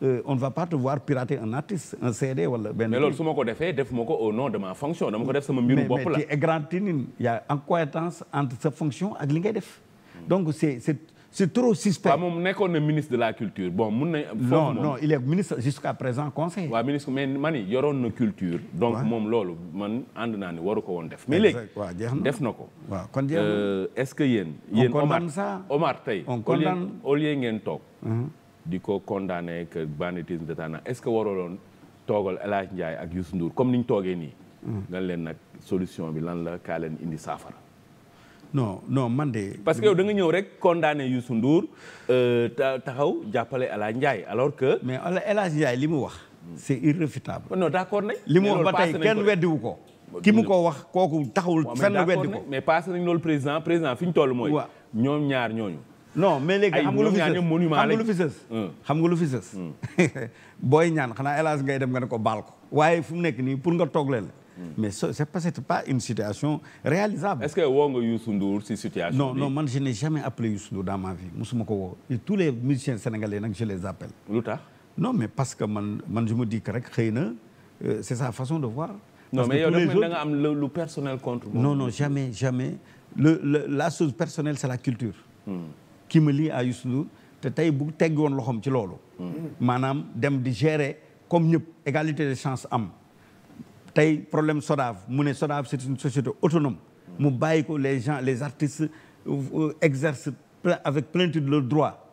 Euh, on ne va pas te voir pirater un artiste un CD wala benn. mais loolu ko defee def ma ko au nom de ma fonction dama ko def sama mbiru bopp la. mais mais tu es égratigné il entre sa fonction ak li ngay def. donc c'est c'est c'est trop suspect. waaw nekkoon na ministre de la culture bon mun nañ. non non il est ministre jusqu'à présent conseiller. waaw ministre mais man yoroon na culture. donc moom loolu man ànd naa ne waru ko woon def. mais léegi def na ko. waaw kon jeex euh, est-ce que yéen. yéen Omar Omar tey. on condamne au lieu ngeen toog. Mm-hmm. di ko condamné que banditisme d'état na est-ce que waraloon toogal El Hadj Ndiaye ak Youssou Ndour comme ni ñu toogee nii. Mm. nga leen nag solution bi lan la kaa leen indi saafara. non non man de. parce que yow da nga ñëw rek condamné Youssou Ndour euh, taxaw jàppale El Hadj Ndiaye alors que. mais El Hadj Ndiaye li mu wax. c'est irréfutable. non d'accord nañ. li mu wax ba tey kenn weddiwu ko. ki mu ko wax kooku taxawul fenn weddi ko. mais passé nañ loolu président président fi ñu toll mooy. ñoom ñaar ñooñu. non mais léegi xam nga lu booy ñaan xanaa hélas ngay dem nga ne ko baal ko waaye fu mu nekk nii pour nga toog mais c'est pas c'est pas une situation ce que woo nga Youssou Ndour si situation man je jamais appelé Youssou Ndour dans ma vie musuma ko woo et tous les musiciens sénégalais nag je les appelle lu tax non mais parce que man man je me dis xëy na euh, c'est sa façon de voir non mais yow da lu personnel contre moi non jamais jamais la chose personnel c'est la culture kii ma lii à Youssou te tey bu teggoon loxoom ci loolu. maanaam dem di gérer comme ñëpp égalité de chance am. tey problème SODAV mu ne SODAV c'est une société autonome. mu bàyyi ko les gens les artistes euh, exercent avec plénitude leur droit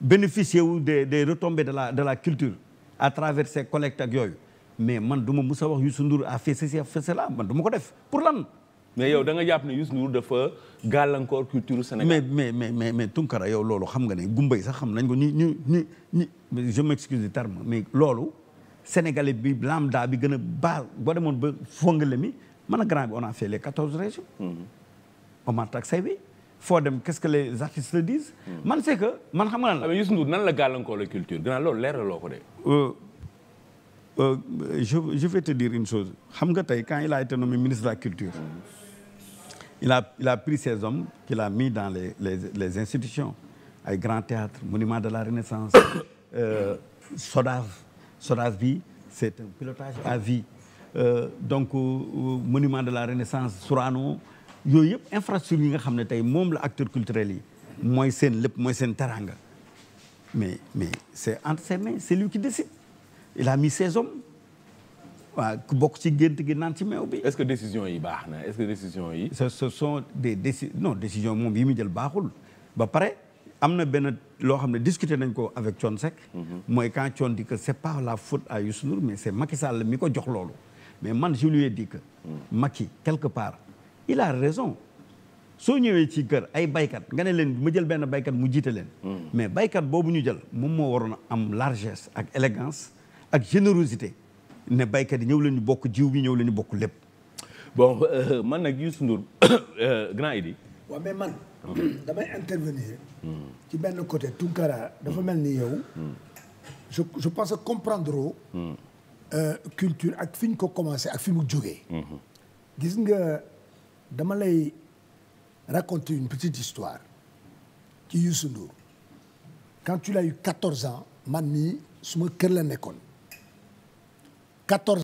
bénéficier wu des des retombées de la de la culture à travers ces collectes ak yooyu mais man du ma mus a wax Youssou Ndour a fait ceci a fait cela man du ko def pour lan. mais yow da nga jàpp ne Youssou Ndour dafa gàllankoor culture Sénégal. mais mais mais mais Tunkara yow loolu xam nga ne gumba yi sax xam nañ ko ñu ñu ñu ñu je m'excuse tar terme mais loolu sénégalais bi lambda bi gën a baal boo demoon ba fongale mi man a grand bi on a fait les quatorze régions. on m'a taxé bi foo dem qu'est-ce que les artistes mm-hmm. man c'est que man xam nga ne la. Ah, mais Youssou nan la gàllankoor la culture gannaaw loolu leeraloo ko de. Euh, euh, je, je vais te dire une chose nga tey quand il a été nommé ministre de la culture il a il pris ses hommes qu'il a mis dans les les les institutions ay grand théâtre monument de la renaissance euh, SODAV SODAV bi c'est un pilotage à vie euh, donc euh, euh, monument de la renaissance Sorano yooyu yëpp infrastructure yi nga xam ne tey moom la acteur culturel yi mooy seen lépp mooy seen teranga mais c'est entre ses c'est lui qui décide il a mis ses hommes ku bokk si gént gi naan si meew bi. est-ce que décision yi baax na est-ce que décision yi. ce ce sont des déci non décision moom yi mu jël baaxul ba pare am na benn loo xam ne discuter nañ ko avec Thione mm-hmm. mooy quand Thione dit que c'est la faute à Youssou Ndour mais Sall mi ko jox loolu mais man je lui ai dit que. Mm. quelque part il a raison. soo ñëwee ci kër ay baykat nga ne leen ma jël benn baykat mu jiite leen. Mm. mais baykat boobu ñu jël moom moo waroon a am largesse ak élégance ak générosité ne baykat yi ñëw leen bokk jiw bi ñëw leen ñu bokk lépp. Euh, man nag Youssou Ndour euh, grand Idi. waaw mais man. damay intervenir. Hmm. ci benn côté Tounkara dafa mel ni yow. Hmm. je je pense comprendre. Hmm. Euh, culture ak fi ñu ko commencé ak fi mu jógee. gis nga dama lay raconter une petite histoire ci Youssou Ndour quand tu l'as eu 14 ans man mii suma kër la nekkoon. 14